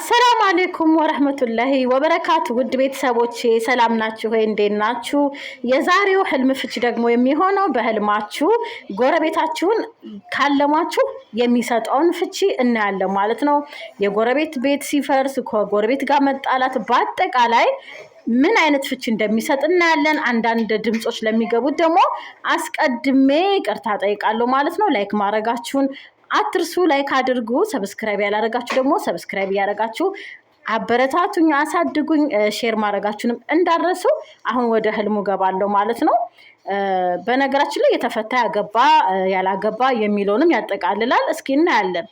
አሰላሙ አሌይኩም ወረህመቱላሂ ወበረካቱ። ውድ ቤተሰቦቼ ሰላም ናችሁ ወይ? እንዴት ናችሁ? የዛሬው ህልም ፍች ደግሞ የሚሆነው በህልማችሁ ጎረቤታችሁን ካለማችሁ የሚሰጠውን ፍቺ እናያለን ማለት ነው። የጎረቤት ቤት ሲፈርስ፣ ከጎረቤት ጋር መጣላት፣ በአጠቃላይ ምን አይነት ፍቺ እንደሚሰጥ እናያለን። አንዳንድ ድምፆች ለሚገቡት ደግሞ አስቀድሜ ይቅርታ ጠይቃለሁ ማለት ነው። ላይክ ማድረጋችሁን አትርሱ። ላይክ አድርጉ። ሰብስክራይብ ያላረጋችሁ ደግሞ ሰብስክራይብ እያረጋችሁ አበረታቱኝ፣ አሳድጉኝ። ሼር ማድረጋችሁንም እንዳረሱ። አሁን ወደ ህልሙ ገባለሁ ማለት ነው። በነገራችን ላይ የተፈታ ያገባ ያላገባ የሚለውንም ያጠቃልላል። እስኪ እናያለን።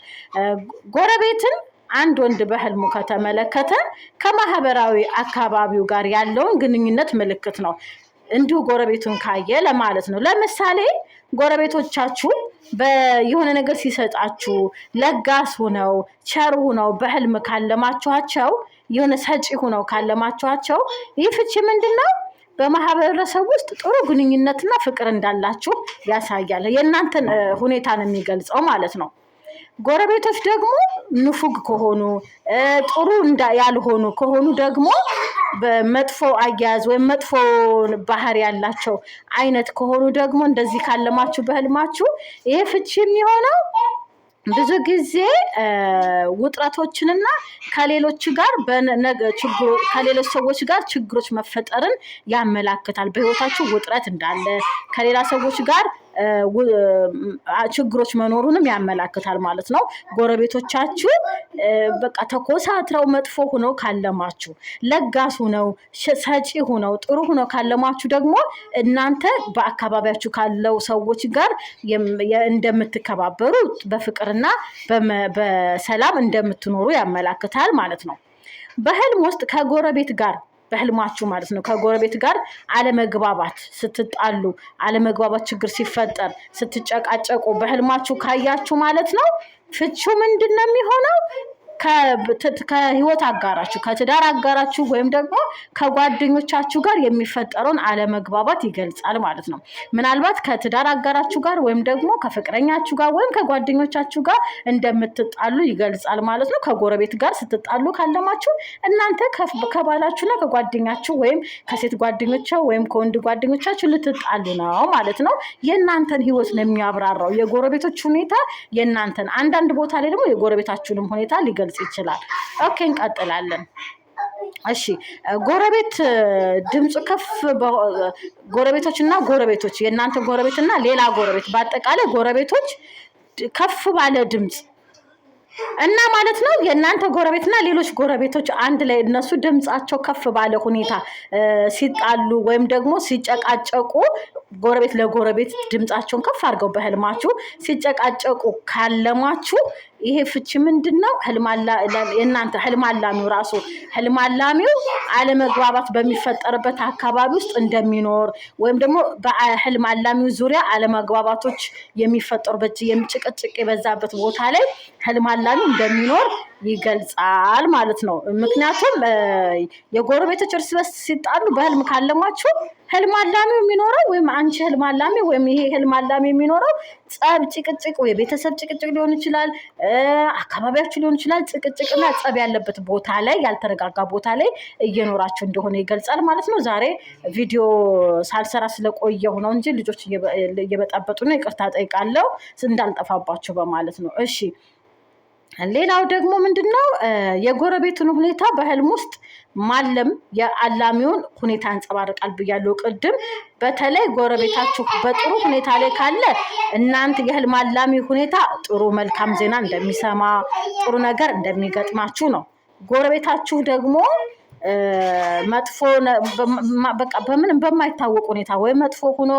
ጎረቤትን አንድ ወንድ በህልሙ ከተመለከተ ከማህበራዊ አካባቢው ጋር ያለውን ግንኙነት ምልክት ነው። እንዲሁ ጎረቤቱን ካየ ለማለት ነው። ለምሳሌ ጎረቤቶቻችሁን የሆነ ነገር ሲሰጣችሁ ለጋስ ሁነው ቸር ሁነው በህልም ካለማችኋቸው የሆነ ሰጪ ሁነው ካለማችኋቸው ይህ ፍቺ ምንድን ነው? በማህበረሰብ ውስጥ ጥሩ ግንኙነትና ፍቅር እንዳላችሁ ያሳያል። የእናንተን ሁኔታ ነው የሚገልጸው ማለት ነው። ጎረቤቶች ደግሞ ንፉግ ከሆኑ ጥሩ ያልሆኑ ከሆኑ ደግሞ መጥፎ አያያዝ ወይም መጥፎ ባህሪ ያላቸው አይነት ከሆኑ ደግሞ እንደዚህ ካለማችሁ በህልማችሁ ይሄ ፍቺ የሚሆነው ብዙ ጊዜ ውጥረቶችንና ከሌሎች ጋር ከሌሎች ሰዎች ጋር ችግሮች መፈጠርን ያመላክታል። በህይወታችሁ ውጥረት እንዳለ ከሌላ ሰዎች ጋር ችግሮች መኖሩንም ያመላክታል ማለት ነው። ጎረቤቶቻችሁ በቃ ተኮሳትረው መጥፎ ሆኖ ካለማችሁ፣ ለጋስ ሆነው ሰጪ ሆነው ጥሩ ሁነው ካለማችሁ ደግሞ እናንተ በአካባቢያችሁ ካለው ሰዎች ጋር እንደምትከባበሩ በፍቅርና በሰላም እንደምትኖሩ ያመላክታል ማለት ነው። በህልም ውስጥ ከጎረቤት ጋር በህልማችሁ ማለት ነው። ከጎረቤት ጋር አለመግባባት ስትጣሉ፣ አለመግባባት ችግር ሲፈጠር፣ ስትጨቃጨቁ በህልማችሁ ካያችሁ ማለት ነው ፍቹ ምንድን ነው የሚሆነው? ከህይወት አጋራችሁ ከትዳር አጋራችሁ ወይም ደግሞ ከጓደኞቻችሁ ጋር የሚፈጠረውን አለመግባባት ይገልጻል ማለት ነው። ምናልባት ከትዳር አጋራችሁ ጋር ወይም ደግሞ ከፍቅረኛችሁ ጋር ወይም ከጓደኞቻችሁ ጋር እንደምትጣሉ ይገልጻል ማለት ነው። ከጎረቤት ጋር ስትጣሉ ካለማችሁ እናንተ ከባላችሁና ከጓደኛችሁ ወይም ከሴት ጓደኞቻ ወይም ከወንድ ጓደኞቻችሁ ልትጣሉ ነው ማለት ነው። የእናንተን ህይወት ነው የሚያብራራው። የጎረቤቶች ሁኔታ የእናንተን አንዳንድ ቦታ ላይ ደግሞ የጎረቤታችሁንም ሁኔታ ሊገ ሊገልጽ ይችላል። ኦኬ እንቀጥላለን። እሺ ጎረቤት ድምፅ ከፍ ጎረቤቶች እና ጎረቤቶች የእናንተ ጎረቤት እና ሌላ ጎረቤት በአጠቃላይ ጎረቤቶች ከፍ ባለ ድምፅ እና ማለት ነው የእናንተ ጎረቤት እና ሌሎች ጎረቤቶች አንድ ላይ እነሱ ድምፃቸው ከፍ ባለ ሁኔታ ሲጣሉ ወይም ደግሞ ሲጨቃጨቁ ጎረቤት ለጎረቤት ድምፃቸውን ከፍ አድርገው በህልማችሁ ሲጨቃጨቁ ካለማችሁ ይሄ ፍቺ ምንድን ነው? የእናንተ ህልም አላሚው ራሱ ህልም አላሚው አለመግባባት በሚፈጠርበት አካባቢ ውስጥ እንደሚኖር ወይም ደግሞ በህልም አላሚው ዙሪያ አለመግባባቶች የሚፈጠሩበት ጭቅጭቅ የበዛበት ቦታ ላይ ህልም አላሚው እንደሚኖር ይገልጻል ማለት ነው። ምክንያቱም የጎረቤቶች እርስ በርስ ሲጣሉ በህልም ካለማችሁ ህልም አላሚው የሚኖረው ወይም አንቺ ህልም አላሚ ወይም ይሄ ህልም አላሚ የሚኖረው ጸብ፣ ጭቅጭቅ ወይ ቤተሰብ ጭቅጭቅ ሊሆን ይችላል፣ አካባቢያችሁ ሊሆን ይችላል። ጭቅጭቅና ጸብ ያለበት ቦታ ላይ ያልተረጋጋ ቦታ ላይ እየኖራችሁ እንደሆነ ይገልጻል ማለት ነው። ዛሬ ቪዲዮ ሳልሰራ ስለቆየሁ ነው እንጂ ልጆች እየበጣበጡ ነው። ይቅርታ ጠይቃለሁ እንዳልጠፋባችሁ በማለት ነው። እሺ ሌላው ደግሞ ምንድን ነው የጎረቤቱን ሁኔታ በህልም ውስጥ ማለም የአላሚውን ሁኔታ ያንጸባርቃል ብያለው ቅድም። በተለይ ጎረቤታችሁ በጥሩ ሁኔታ ላይ ካለ እናንተ የህልም አላሚ ሁኔታ ጥሩ መልካም ዜና እንደሚሰማ ጥሩ ነገር እንደሚገጥማችሁ ነው። ጎረቤታችሁ ደግሞ መጥፎ በቃ በምንም በማይታወቅ ሁኔታ ወይ መጥፎ ሆኖ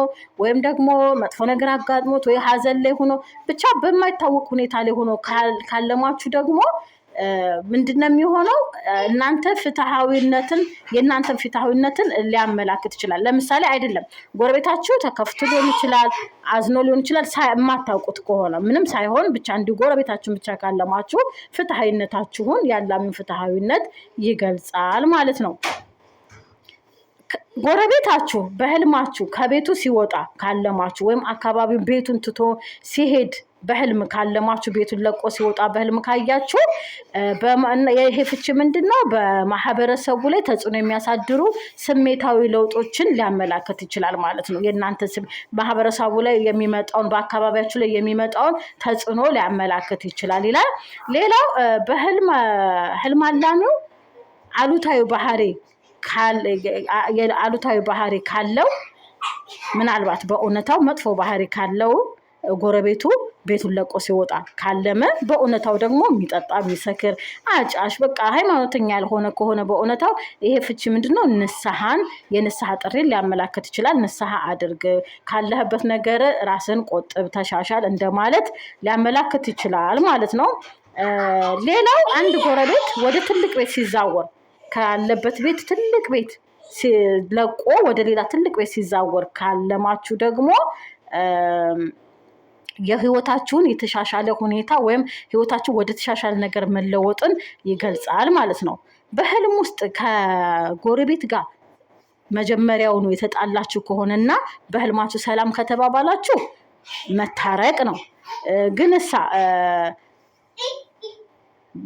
ወይም ደግሞ መጥፎ ነገር አጋጥሞት ወይ ሀዘን ላይ ሆኖ ብቻ በማይታወቅ ሁኔታ ላይ ሆኖ ካለሟችሁ ደግሞ ምንድነው የሚሆነው? እናንተ ፍትሐዊነትን የእናንተን ፍትሐዊነትን ሊያመላክት ይችላል። ለምሳሌ አይደለም ጎረቤታችሁ ተከፍቶ ሊሆን ይችላል፣ አዝኖ ሊሆን ይችላል። የማታውቁት ከሆነ ምንም ሳይሆን ብቻ እንዲሁ ጎረቤታችሁን ብቻ ካለማችሁ ፍትሐዊነታችሁን ያላምን ፍትሐዊነት ይገልጻል ማለት ነው። ጎረቤታችሁ በህልማችሁ ከቤቱ ሲወጣ ካለማችሁ ወይም አካባቢው ቤቱን ትቶ ሲሄድ በህልም ካለማችሁ ቤቱን ለቆ ሲወጣ በህልም ካያችሁ ይሄ ፍቺ ምንድን ነው? በማህበረሰቡ ላይ ተጽዕኖ የሚያሳድሩ ስሜታዊ ለውጦችን ሊያመላክት ይችላል ማለት ነው። የእናንተ ማህበረሰቡ ላይ የሚመጣውን በአካባቢያችሁ ላይ የሚመጣውን ተጽዕኖ ሊያመላክት ይችላል ይላል። ሌላው በህልም ህልም አላሚው አሉታዊ ባህሪ አሉታዊ ባህሪ ካለው ምናልባት በእውነታው መጥፎ ባህሪ ካለው ጎረቤቱ ቤቱን ለቆ ሲወጣ ካለመ በእውነታው ደግሞ የሚጠጣ የሚሰክር አጫሽ በቃ ሃይማኖተኛ ያልሆነ ከሆነ በእውነታው ይሄ ፍቺ ምንድነው? ንስሐን የንስሐ ጥሪን ሊያመላክት ይችላል። ንስሐ አድርግ ካለህበት ነገር ራስን ቆጥብ፣ ተሻሻል እንደማለት ሊያመላክት ይችላል ማለት ነው። ሌላው አንድ ጎረቤት ወደ ትልቅ ቤት ሲዛወር ካለበት ቤት ትልቅ ቤት ለቆ ወደ ሌላ ትልቅ ቤት ሲዛወር ካለማችሁ ደግሞ የህይወታችሁን የተሻሻለ ሁኔታ ወይም ህይወታችሁ ወደ ተሻሻለ ነገር መለወጥን ይገልጻል ማለት ነው። በህልም ውስጥ ከጎረቤት ጋር መጀመሪያውኑ የተጣላችሁ ከሆነና በህልማችሁ ሰላም ከተባባላችሁ መታረቅ ነው። ግን እሳ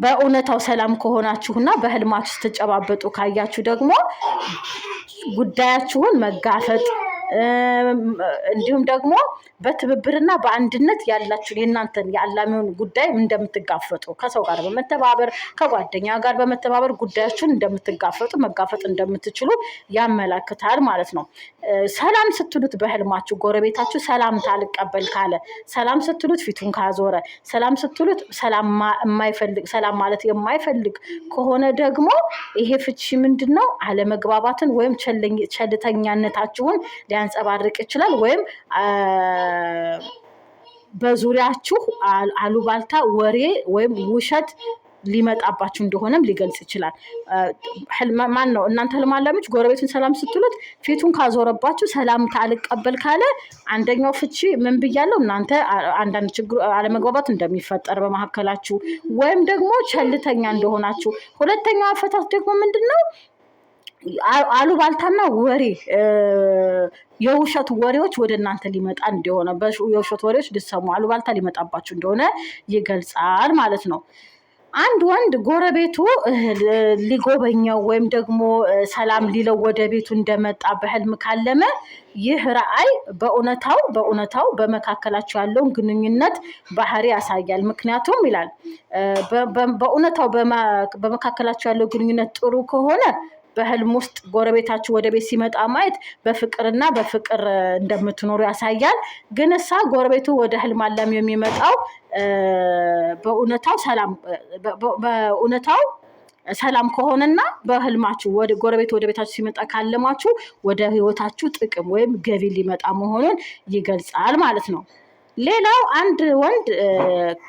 በእውነታው ሰላም ከሆናችሁና በህልማችሁ ስትጨባበጡ ካያችሁ ደግሞ ጉዳያችሁን መጋፈጥ እንዲሁም ደግሞ በትብብርና በአንድነት ያላችሁን የእናንተን የአላሚውን ጉዳይ እንደምትጋፈጡ ከሰው ጋር በመተባበር ከጓደኛ ጋር በመተባበር ጉዳያችሁን እንደምትጋፈጡ መጋፈጥ እንደምትችሉ ያመላክታል ማለት ነው። ሰላም ስትሉት በህልማችሁ ጎረቤታችሁ ሰላምታ አልቀበል ካለ፣ ሰላም ስትሉት ፊቱን ካዞረ፣ ሰላም ስትሉት ሰላም ማለት የማይፈልግ ከሆነ ደግሞ ይሄ ፍቺ ምንድን ነው? አለመግባባትን ወይም ቸልተኛነታችሁን ሊያንጸባርቅ ይችላል ወይም በዙሪያችሁ አሉባልታ ወሬ ወይም ውሸት ሊመጣባችሁ እንደሆነም ሊገልጽ ይችላል። ማን ነው እናንተ ህልማላሚዎች ጎረቤቱን ሰላም ስትሉት ፊቱን ካዞረባችሁ ሰላምታ አልቀበል ካለ አንደኛው ፍቺ ምን ብያለው፣ እናንተ አንዳንድ ችግሩ አለመግባባት እንደሚፈጠር በመካከላችሁ ወይም ደግሞ ቸልተኛ እንደሆናችሁ። ሁለተኛው አፈታት ደግሞ ምንድን ነው? አሉባልታና ወሬ የውሸት ወሬዎች ወደ እናንተ ሊመጣ እንደሆነ የውሸት ወሬዎች ልትሰሙ አሉባልታ ሊመጣባችሁ እንደሆነ ይገልጻል ማለት ነው። አንድ ወንድ ጎረቤቱ ሊጎበኘው ወይም ደግሞ ሰላም ሊለው ወደ ቤቱ እንደመጣ በህልም ካለመ ይህ ረአይ በእውነታው በእውነታው በመካከላቸው ያለውን ግንኙነት ባህሪ ያሳያል። ምክንያቱም ይላል በእውነታው በመካከላቸው ያለው ግንኙነት ጥሩ ከሆነ በህልም ውስጥ ጎረቤታችሁ ወደ ቤት ሲመጣ ማየት በፍቅርና በፍቅር እንደምትኖሩ ያሳያል። ግን እሳ ጎረቤቱ ወደ ህልም አለም የሚመጣው በእውነታው ሰላም በእውነታው ሰላም ከሆነና በህልማችሁ ወደ ጎረቤት ወደ ቤታችሁ ሲመጣ ካለማችሁ ወደ ህይወታችሁ ጥቅም ወይም ገቢ ሊመጣ መሆኑን ይገልጻል ማለት ነው። ሌላው አንድ ወንድ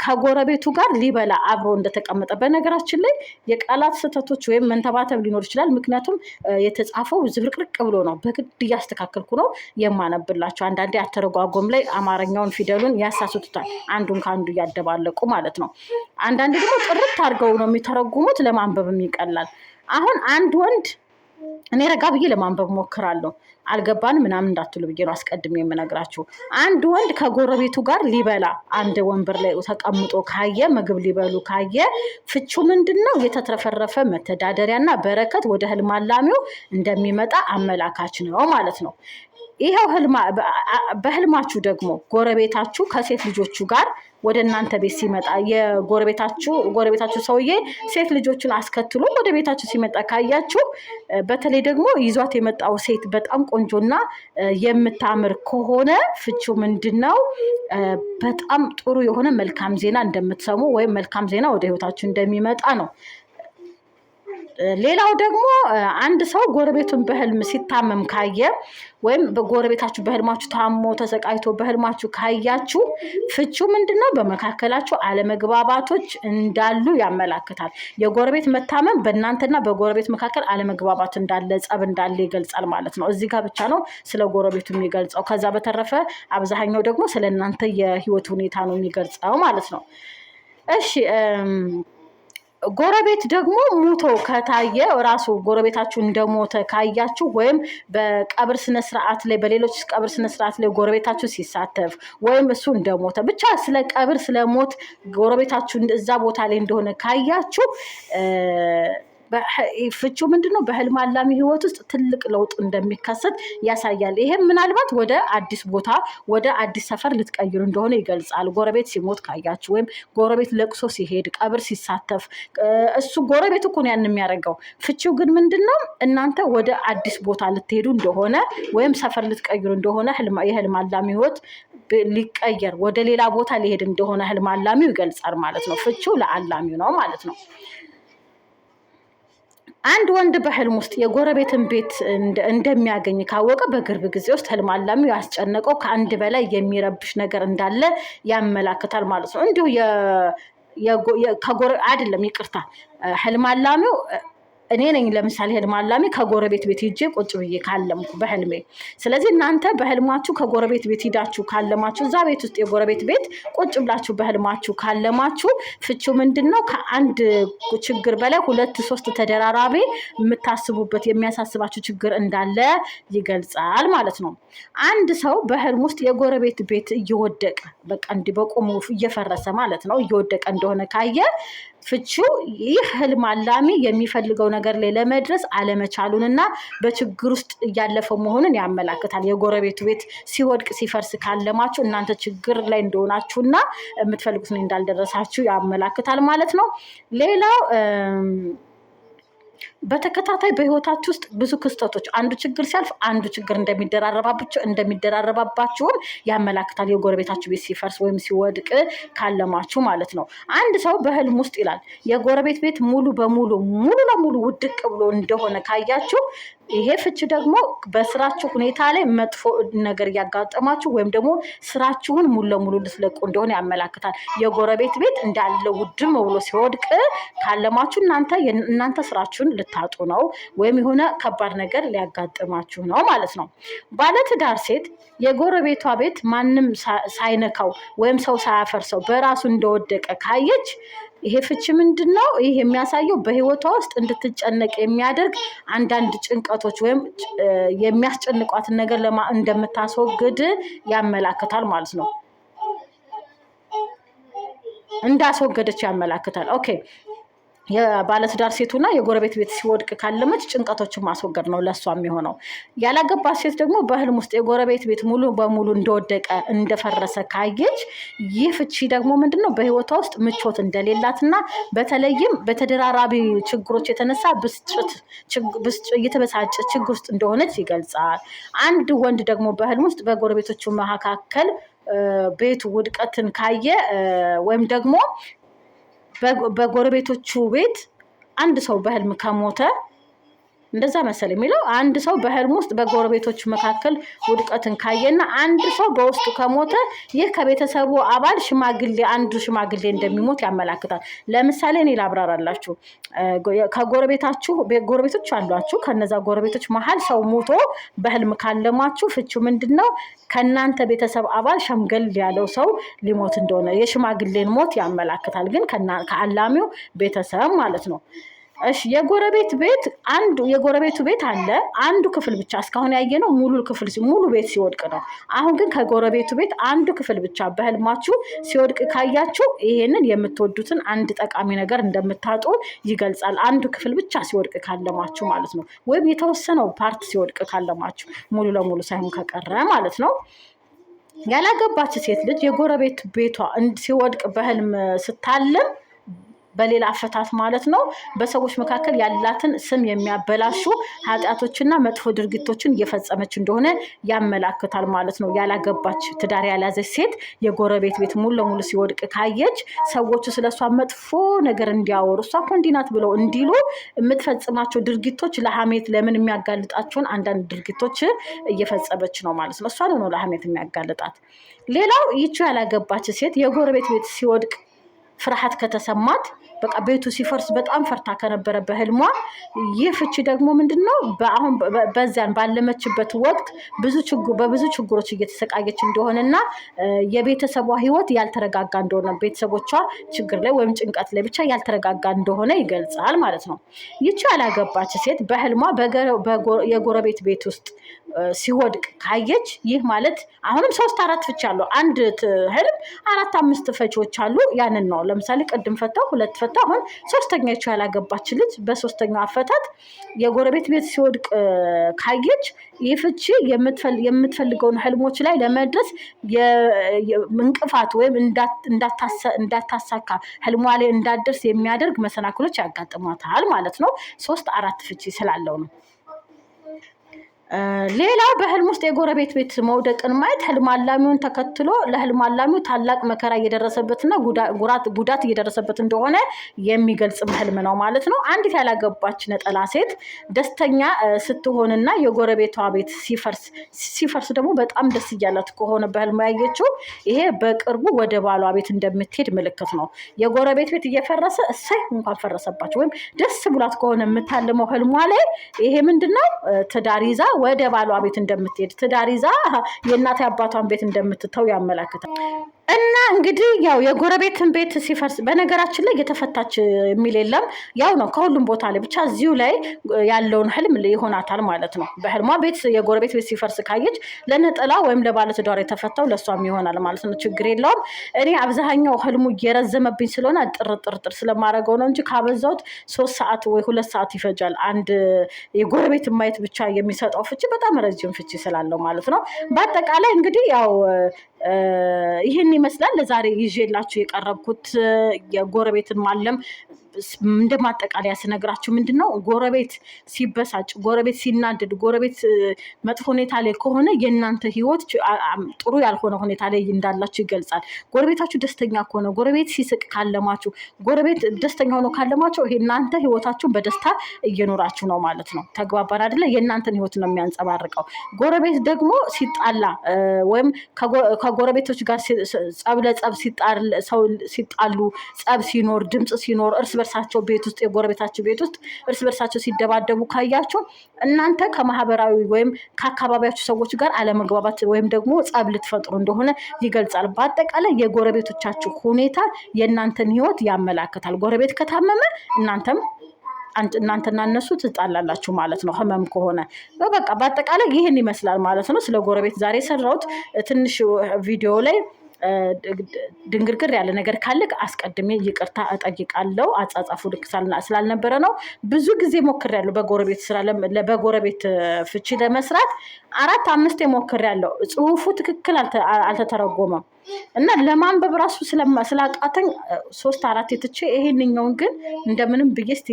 ከጎረቤቱ ጋር ሊበላ አብሮ እንደተቀመጠ በነገራችን ላይ የቃላት ስህተቶች ወይም መንተባተብ ሊኖር ይችላል። ምክንያቱም የተጻፈው ዝብርቅርቅ ብሎ ነው። በግድ እያስተካከልኩ ነው የማነብላቸው። አንዳንዴ አተረጓጎም ላይ አማርኛውን ፊደሉን ያሳስቱታል፣ አንዱን ከአንዱ እያደባለቁ ማለት ነው። አንዳንዴ ደግሞ ጥርት አድርገው ነው የሚተረጉሙት፣ ለማንበብም ይቀላል። አሁን አንድ ወንድ እኔ ረጋ ብዬ ለማንበብ ሞክራለሁ። አልገባን ምናምን እንዳትሉ ብዬ ነው አስቀድሜ የምነግራችሁ። አንድ ወንድ ከጎረቤቱ ጋር ሊበላ አንድ ወንበር ላይ ተቀምጦ ካየ ምግብ ሊበሉ ካየ ፍቹ ምንድን ነው? የተትረፈረፈ መተዳደሪያና በረከት ወደ ህልም አላሚው እንደሚመጣ አመላካች ነው ማለት ነው። ይኸው በህልማችሁ ደግሞ ጎረቤታችሁ ከሴት ልጆቹ ጋር ወደ እናንተ ቤት ሲመጣ የጎረቤታችሁ ጎረቤታችሁ ሰውዬ ሴት ልጆችን አስከትሎ ወደ ቤታችሁ ሲመጣ ካያችሁ፣ በተለይ ደግሞ ይዟት የመጣው ሴት በጣም ቆንጆና የምታምር ከሆነ ፍቹ ምንድን ነው? በጣም ጥሩ የሆነ መልካም ዜና እንደምትሰሙ ወይም መልካም ዜና ወደ ህይወታችሁ እንደሚመጣ ነው። ሌላው ደግሞ አንድ ሰው ጎረቤቱን በህልም ሲታመም ካየ ወይም በጎረቤታችሁ በህልማችሁ ታሞ ተሰቃይቶ በህልማችሁ ካያችሁ ፍቹ ምንድነው በመካከላችሁ አለመግባባቶች እንዳሉ ያመላክታል። የጎረቤት መታመም በእናንተና በጎረቤት መካከል አለመግባባት እንዳለ፣ ጸብ እንዳለ ይገልጻል ማለት ነው። እዚህ ጋር ብቻ ነው ስለ ጎረቤቱ የሚገልጸው። ከዛ በተረፈ አብዛኛው ደግሞ ስለ እናንተ የህይወት ሁኔታ ነው የሚገልጸው ማለት ነው። እሺ ጎረቤት ደግሞ ሙቶ ከታየ ራሱ ጎረቤታችሁ እንደሞተ ካያችሁ ወይም በቀብር ስነስርዓት ላይ በሌሎች ቀብር ስነስርዓት ላይ ጎረቤታችሁ ሲሳተፍ ወይም እሱ እንደሞተ ብቻ ስለ ቀብር ስለሞት ጎረቤታችሁ እዛ ቦታ ላይ እንደሆነ ካያችሁ ፍቹ ምንድን ነው? በህልም አላሚ ህይወት ውስጥ ትልቅ ለውጥ እንደሚከሰት ያሳያል። ይሄም ምናልባት ወደ አዲስ ቦታ ወደ አዲስ ሰፈር ልትቀይሩ እንደሆነ ይገልጻል። ጎረቤት ሲሞት ካያችሁ ወይም ጎረቤት ለቅሶ ሲሄድ፣ ቀብር ሲሳተፍ እሱ ጎረቤት እኮ ነው ያን የሚያደርገው። ፍቺው ግን ምንድን ነው? እናንተ ወደ አዲስ ቦታ ልትሄዱ እንደሆነ ወይም ሰፈር ልትቀይሩ እንደሆነ የህልም አላሚ ህይወት ሊቀየር ወደ ሌላ ቦታ ሊሄድ እንደሆነ ህልም አላሚው ይገልጻል ማለት ነው። ፍቺው ለአላሚው ነው ማለት ነው። አንድ ወንድ በህልም ውስጥ የጎረቤትን ቤት እንደሚያገኝ ካወቀ በቅርብ ጊዜ ውስጥ ህልም አላሚው ያስጨነቀው ከአንድ በላይ የሚረብሽ ነገር እንዳለ ያመላክታል ማለት ነው። እንዲሁ አይደለም፣ ይቅርታ ህልም አላሚው እኔ ነኝ ለምሳሌ ህልም አላሚ ከጎረቤት ቤት ሂጄ ቁጭ ብዬ ካለምኩ በህልሜ። ስለዚህ እናንተ በህልማችሁ ከጎረቤት ቤት ሂዳችሁ ካለማችሁ እዛ ቤት ውስጥ የጎረቤት ቤት ቁጭ ብላችሁ በህልማችሁ ካለማችሁ ፍቺው ምንድን ነው? ከአንድ ችግር በላይ ሁለት ሶስት ተደራራቢ የምታስቡበት የሚያሳስባችሁ ችግር እንዳለ ይገልጻል ማለት ነው። አንድ ሰው በህልም ውስጥ የጎረቤት ቤት እየወደቀ በቃ እንዲህ እየፈረሰ ማለት ነው እየወደቀ እንደሆነ ካየ ፍቺው ይህ ህልም አላሚ የሚፈልገው ነገር ላይ ለመድረስ አለመቻሉን እና በችግር ውስጥ እያለፈው መሆኑን ያመላክታል። የጎረቤቱ ቤት ሲወድቅ ሲፈርስ ካለማችሁ እናንተ ችግር ላይ እንደሆናችሁ እና የምትፈልጉት እንዳልደረሳችሁ ያመላክታል ማለት ነው። ሌላው በተከታታይ በህይወታችሁ ውስጥ ብዙ ክስተቶች አንዱ ችግር ሲያልፍ አንዱ ችግር እንደሚደራረባቸው እንደሚደራረባባችሁን ያመላክታል። የጎረቤታችሁ ቤት ሲፈርስ ወይም ሲወድቅ ካለማችሁ ማለት ነው። አንድ ሰው በህልም ውስጥ ይላል የጎረቤት ቤት ሙሉ በሙሉ ሙሉ ለሙሉ ውድቅ ብሎ እንደሆነ ካያችሁ ይሄ ፍቺ ደግሞ በስራችሁ ሁኔታ ላይ መጥፎ ነገር እያጋጠማችሁ ወይም ደግሞ ስራችሁን ሙሉ ለሙሉ ልትለቁ እንደሆነ ያመላክታል። የጎረቤት ቤት እንዳለ ውድም ብሎ ሲወድቅ ካለማችሁ እናንተ እናንተ ስራችሁን ልታጡ ነው፣ ወይም የሆነ ከባድ ነገር ሊያጋጥማችሁ ነው ማለት ነው። ባለትዳር ሴት የጎረቤቷ ቤት ማንም ሳይነካው ወይም ሰው ሳያፈርሰው በራሱ እንደወደቀ ካየች ይሄ ፍቺ ምንድን ነው? ይህ የሚያሳየው በህይወቷ ውስጥ እንድትጨነቅ የሚያደርግ አንዳንድ ጭንቀቶች ወይም የሚያስጨንቋትን ነገር ለማ እንደምታስወግድ ያመላክታል ማለት ነው። እንዳስወገደች ያመላክታል። ኦኬ የባለትዳር ሴቱና የጎረቤት ቤት ሲወድቅ ካለመች ጭንቀቶችን ማስወገድ ነው ለእሷ የሚሆነው። ያላገባት ሴት ደግሞ በህልም ውስጥ የጎረቤት ቤት ሙሉ በሙሉ እንደወደቀ እንደፈረሰ ካየች ይህ ፍቺ ደግሞ ምንድነው በህይወቷ ውስጥ ምቾት እንደሌላትና በተለይም በተደራራቢ ችግሮች የተነሳ የተበሳጨ ችግር ውስጥ እንደሆነች ይገልጻል። አንድ ወንድ ደግሞ በህልም ውስጥ በጎረቤቶቹ መካከል ቤቱ ውድቀትን ካየ ወይም ደግሞ በጎረቤቶቹ ቤት አንድ ሰው በህልም ከሞተ እንደዛ መሰል የሚለው አንድ ሰው በህልም ውስጥ በጎረቤቶች መካከል ውድቀትን ካየና አንድ ሰው በውስጡ ከሞተ ይህ ከቤተሰቡ አባል ሽማግሌ አንዱ ሽማግሌ እንደሚሞት ያመላክታል። ለምሳሌ እኔ ላብራራላችሁ። ከጎረቤታችሁ ጎረቤቶች አሏችሁ። ከነዛ ጎረቤቶች መሀል ሰው ሞቶ በህልም ካለሟችሁ ፍቹ ምንድን ነው? ከእናንተ ቤተሰብ አባል ሸምገል ያለው ሰው ሊሞት እንደሆነ የሽማግሌን ሞት ያመላክታል። ግን ከአላሚው ቤተሰብ ማለት ነው። እሺ የጎረቤት ቤት አንዱ የጎረቤቱ ቤት አለ አንዱ ክፍል ብቻ እስካሁን ያየ ነው ሙሉ ክፍል ሙሉ ቤት ሲወድቅ ነው። አሁን ግን ከጎረቤቱ ቤት አንዱ ክፍል ብቻ በህልማችሁ ሲወድቅ ካያችሁ ይሄንን የምትወዱትን አንድ ጠቃሚ ነገር እንደምታጡ ይገልጻል። አንዱ ክፍል ብቻ ሲወድቅ ካለማችሁ ማለት ነው። ወይም የተወሰነው ፓርት ሲወድቅ ካለማችሁ ሙሉ ለሙሉ ሳይሆን ከቀረ ማለት ነው። ያላገባች ሴት ልጅ የጎረቤት ቤቷ ሲወድቅ በህልም ስታለም በሌላ አፈታት ማለት ነው በሰዎች መካከል ያላትን ስም የሚያበላሹ ኃጢአቶችና መጥፎ ድርጊቶችን እየፈጸመች እንደሆነ ያመላክታል ማለት ነው። ያላገባች ትዳር ያልያዘች ሴት የጎረቤት ቤት ሙሉ ለሙሉ ሲወድቅ ካየች ሰዎቹ ስለ እሷ መጥፎ ነገር እንዲያወሩ እሷ እኮ እንዲህ ናት ብለው እንዲሉ የምትፈጽማቸው ድርጊቶች ለሐሜት ለምን የሚያጋልጣቸውን አንዳንድ ድርጊቶች እየፈጸመች ነው ማለት ነው። እሷ ነው ለሐሜት የሚያጋልጣት። ሌላው ይቺ ያላገባች ሴት የጎረቤት ቤት ሲወድቅ ፍርሃት ከተሰማት በቃ ቤቱ ሲፈርስ በጣም ፈርታ ከነበረ በህልሟ ይህ ፍቺ ደግሞ ምንድን ነው? አሁን በዚያን ባለመችበት ወቅት ብዙ በብዙ ችግሮች እየተሰቃየች እንደሆነና የቤተሰቧ ህይወት ያልተረጋጋ እንደሆነ ቤተሰቦቿ ችግር ላይ ወይም ጭንቀት ላይ ብቻ ያልተረጋጋ እንደሆነ ይገልጻል ማለት ነው። ይቺ ያላገባች ሴት በህልሟ የጎረቤት ቤት ውስጥ ሲወድቅ ካየች ይህ ማለት አሁንም ሶስት አራት ፍች አለው። አንድ ህልም አራት አምስት ፈቾች አሉ። ያንን ነው ለምሳሌ ቅድም ፈታው ሁለት ፈታ፣ አሁን ሶስተኛቸው ያላገባች ልጅ በሶስተኛው አፈታት የጎረቤት ቤት ሲወድቅ ካየች ይህ ፍቺ የምትፈልገውን ህልሞች ላይ ለመድረስ እንቅፋት ወይም እንዳታሳካ ህልሟ ላይ እንዳደርስ የሚያደርግ መሰናክሎች ያጋጥሟታል ማለት ነው። ሶስት አራት ፍቺ ስላለው ነው። ሌላው በህልም ውስጥ የጎረቤት ቤት መውደቅን ማየት ህልም አላሚውን ተከትሎ ለህልም አላሚው ታላቅ መከራ እየደረሰበትና ጉዳት እየደረሰበት እንደሆነ የሚገልጽ ህልም ነው ማለት ነው። አንዲት ያላገባች ነጠላ ሴት ደስተኛ ስትሆንና የጎረቤቷ ቤት ሲፈርስ ሲፈርስ ደግሞ በጣም ደስ እያላት ከሆነ በህልም ያየችው ይሄ በቅርቡ ወደ ባሏ ቤት እንደምትሄድ ምልክት ነው። የጎረቤት ቤት እየፈረሰ እሰይ እንኳን ፈረሰባቸው ወይም ደስ ብሏት ከሆነ የምታልመው ህልሟ ላይ ይሄ ምንድነው ትዳር ይዛ ወደ ባሏ ቤት እንደምትሄድ ትዳር ይዛ የእናት አባቷን ቤት እንደምትተው ያመላክታል። እና እንግዲህ ያው የጎረቤትን ቤት ሲፈርስ በነገራችን ላይ የተፈታች የሚል የለም። ያው ነው ከሁሉም ቦታ ላይ ብቻ እዚሁ ላይ ያለውን ህልም ይሆናታል ማለት ነው። በህልሟ ቤት የጎረቤት ቤት ሲፈርስ ካየች ለነጠላ ወይም ለባለትዳር የተፈታው ለእሷም ይሆናል ማለት ነው። ችግር የለውም። እኔ አብዛኛው ህልሙ እየረዘመብኝ ስለሆነ ጥርጥርጥር ስለማደርገው ነው እንጂ ካበዛሁት ሶስት ሰዓት ወይ ሁለት ሰዓት ይፈጃል። አንድ የጎረቤት ማየት ብቻ የሚሰጠው ፍቺ በጣም ረጅም ፍቺ ስላለው ማለት ነው። በአጠቃላይ እንግዲህ ያው ይህን ይመስላል ለዛሬ ይዤላችሁ የቀረብኩት የጎረቤትን ማለም እንደ ማጠቃለያ ስነግራችሁ ምንድን ነው ጎረቤት ሲበሳጭ፣ ጎረቤት ሲናደድ፣ ጎረቤት መጥፎ ሁኔታ ላይ ከሆነ የእናንተ ህይወት ጥሩ ያልሆነ ሁኔታ ላይ እንዳላችሁ ይገልጻል። ጎረቤታችሁ ደስተኛ ከሆነ ጎረቤት ሲስቅ ካለማችሁ፣ ጎረቤት ደስተኛ ሆኖ ካለማችሁ ይሄ እናንተ ህይወታችሁን በደስታ እየኖራችሁ ነው ማለት ነው። ተግባባን አደለ? የእናንተን ህይወት ነው የሚያንጸባርቀው። ጎረቤት ደግሞ ሲጣላ ወይም ከጎረቤቶች ጋር ጸብ ለጸብ ሲጣሉ ጸብ ሲኖር ድምፅ ሲኖር እርስ በርሳቸው ቤት ውስጥ የጎረቤታቸው ቤት ውስጥ እርስ በርሳቸው ሲደባደቡ ካያቸው እናንተ ከማህበራዊ ወይም ከአካባቢያቸው ሰዎች ጋር አለመግባባት ወይም ደግሞ ጸብ ልትፈጥሩ እንደሆነ ይገልጻል። በአጠቃላይ የጎረቤቶቻችሁ ሁኔታ የእናንተን ህይወት ያመላክታል። ጎረቤት ከታመመ እናንተም እናንተና እነሱ ትጣላላችሁ ማለት ነው። ህመም ከሆነ በቃ በአጠቃላይ ይህን ይመስላል ማለት ነው። ስለ ጎረቤት ዛሬ የሰራሁት ትንሽ ቪዲዮ ላይ ድንግርግር ያለ ነገር ካለ አስቀድሜ ይቅርታ እጠይቃለው። አጻጻፉ ልክ ስላልነበረ ነው። ብዙ ጊዜ ሞክር ያለው በጎረቤት ስራ በጎረቤት ፍቺ ለመስራት አራት አምስት አምስቴ ያለው ጽሁፉ ትክክል አልተተረጎመም እና ለማንበብ ራሱ ስላቃተኝ ሶስት አራት የትቼ ይሄንኛውን ግን እንደምንም ብዬ እስቲ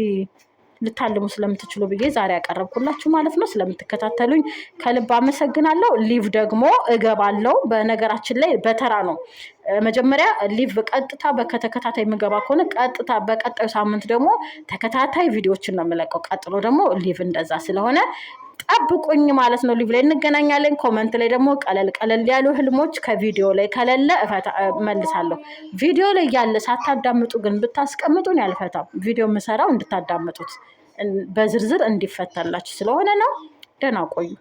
ልታልሙ ስለምትችሉ ብዬ ዛሬ ያቀረብኩላችሁ ማለት ነው። ስለምትከታተሉኝ ከልብ አመሰግናለሁ። ሊቭ ደግሞ እገባለሁ። በነገራችን ላይ በተራ ነው። መጀመሪያ ሊቭ ቀጥታ በከተከታታይ የምገባ ከሆነ ቀጥታ በቀጣዩ ሳምንት ደግሞ ተከታታይ ቪዲዮዎችን ነው የምለቀው። ቀጥሎ ደግሞ ሊቭ እንደዛ ስለሆነ ጠብቁኝ ማለት ነው። ሊቭ ላይ እንገናኛለን። ኮመንት ላይ ደግሞ ቀለል ቀለል ያሉ ህልሞች ከቪዲዮ ላይ ከሌለ መልሳለሁ። ቪዲዮ ላይ ያለ ሳታዳምጡ ግን ብታስቀምጡን ያልፈታም። ቪዲዮ የምሰራው እንድታዳምጡት በዝርዝር እንዲፈታላችሁ ስለሆነ ነው። ደህና ቆዩ።